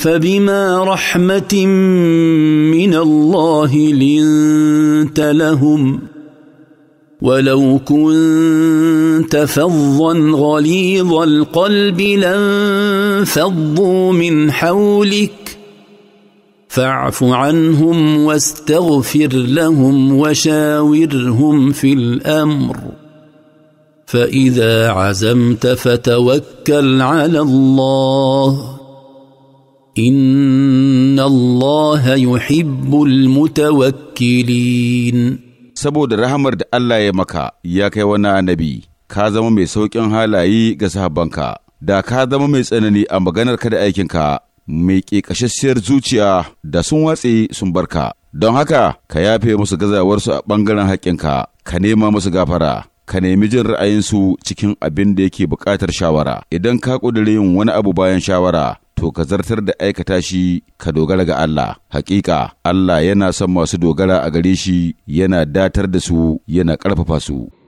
فبما رحمه من الله لنت لهم ولو كنت فظا غليظ القلب لانفضوا من حولك فاعف عنهم واستغفر لهم وشاورهم في الامر فاذا عزمت فتوكل على الله إن الله يحب المتوكلين saboda rahamar da Allah ya maka ya kai wani annabi ka zama mai sauƙin halaye ga sahabbanka da ka zama mai tsanani a maganarka da aikinka mai ƙiƙashasshiyar zuciya da sun watse sun barka don haka ka yafe musu gazawarsu a ɓangaren haƙƙinka ka nema musu gafara ka nemi jin ra'ayinsu cikin abin da yake buƙatar shawara idan ka ƙudiri yin wani abu bayan shawara to ka zartar da aikata shi ka dogara ga Allah. Hakika Allah yana son masu dogara a gare shi yana datar da su yana ƙarfafa su.